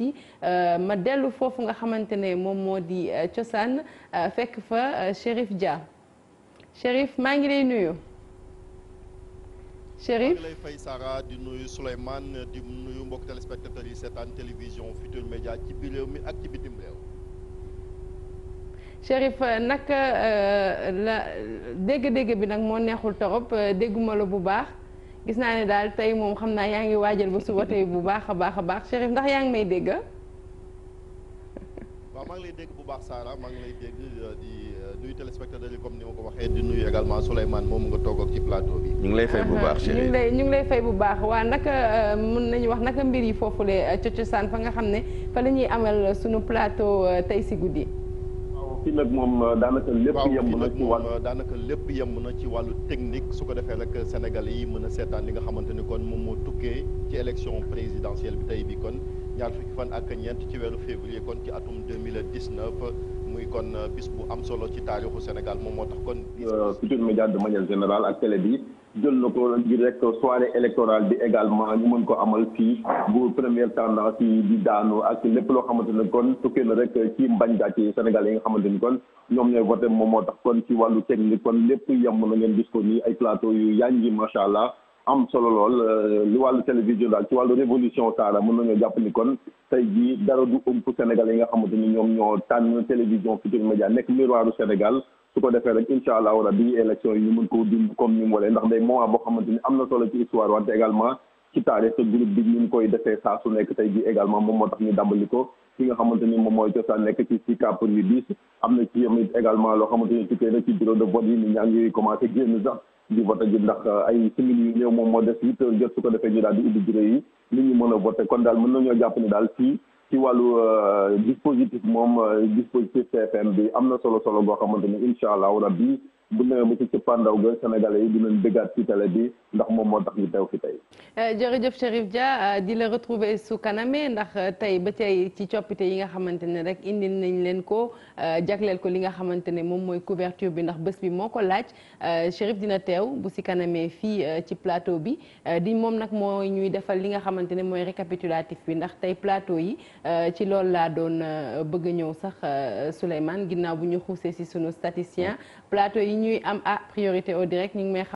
ti euh, ma dellu foofu nga xamante ne moom moo di euh, cosaan euh, fekk fa Chérif Dia Chérif maa ngi lay nuyu Chérif maa ngi lay fay Sarah di nuyu Souleymane di nuyu mbokk téléspectateurs yi seetaan télévision Futurs Médias ci biir réew mi ak ci bitim réew Chérif naka la dégg-dégg bi nag moo neexul torop dégguma la bu baax gis naa ne daal tey moom xam naa yaa ngi waajal ba suba tey bu baax a baax a baax Chérif ndax yaa ngi may dégg waaw maa ngi lay dégg bu baax Sara maa ngi dégg euh, di euh, nuyu téléspectateurs yi comme ni ma ko waxee di nuyu également Souleymane moom nga toog ak ci plateau bi. ñu ngi lay fay bu baax Chérif waa naka euh, mën nañu wax naka mbir yi foofu foofulee cosaan fa nga xam ne fa la ñuy amal sunu plateau tey si guddi. fii nag moom euh, daanaka lépp yemb na ci wàllu euh, daanaka lépp yemb na ci wàllu technique su ko defee rek Sénégal yi mën a seetaan li nga xamante ni kon moom moo tukkee ci élection présidentielle bi tey bi kon ñaar fukki fan ak ñeent ci weeru février kon ci atum 2019 muy kon euh, bis bu am solo ci taarixu Sénégal moom moo tax kon. Futurs Médias de manière générale ak télé bi. jël na ko ngir rek soirée électorale bi également ñu mën ko amal fii bu première tendance yi di daanu ak lépp loo xamante ne kon tukkee na rek ci mbañ gàcce Sénégal yi nga xamante ni kon ñoom ñooy voté moom moo tax kon ci wàllu ni kon lépp yem na ngeen gis ko nii ay plateau yu yaañ yi macha allah am solo lool euh, li wàllu télévision daal ci wàllu révolution saara mën nañoo jàpp ni kon tey jii dara du ëmp Sénégal yi nga xamante ni ñoom ñoo tànn télévision Futurs Médias nekk miroiru Sénégal su ko defee rek incha allah rabi élection yi ñu mën ko dund comme ni mu ndax day moment boo xamante am na solo ci histoire wante également ci taarix te groupe bi ñu koy defee saa su nekk tey jii également moom moo tax ñu dàmbali ko ki nga xamante ni moom mooy cosaan nekk ci Sicap Rue 10 am na ci amit loo xamante ni tukkee na ci bureau de vote yi nit ñaa ngi commencé génn sax di vote ji ndax euh, ay semaines yu néew moom moo des huit heures jot su ko defee ñu daal di ubbi bureau yi ni daal fii ci wàllu euh, dispositif moom euh, dispositif TFM bi am na solo solo goo xamante ni incha allah rabbi bu ñu ba ci cëppaandaw ga sénégalais yi dinañ déggaat ci télé bi ndax moom moo tax euh, jërëjëf Chérif Dia euh, di la retrouver su kaname ndax euh, tey ba tey ci coppite yi nga xamante ne rek indi nañ leen ko jagleel ko li nga xamante ne moom mooy couverture bi ndax bés bi moo ko laaj Chérif dina teew bu si kanamee fii ci plateau bi di moom nag moo ñuy defal li nga xamante ne mooy récapitulatif bi ndax tey plateau yi ci loolu laa doon bëgg ñëw sax Souleymane ginnaaw bu ñu xuusee si sunu statisticien ñuy am ah priorité au direct ñu ngi may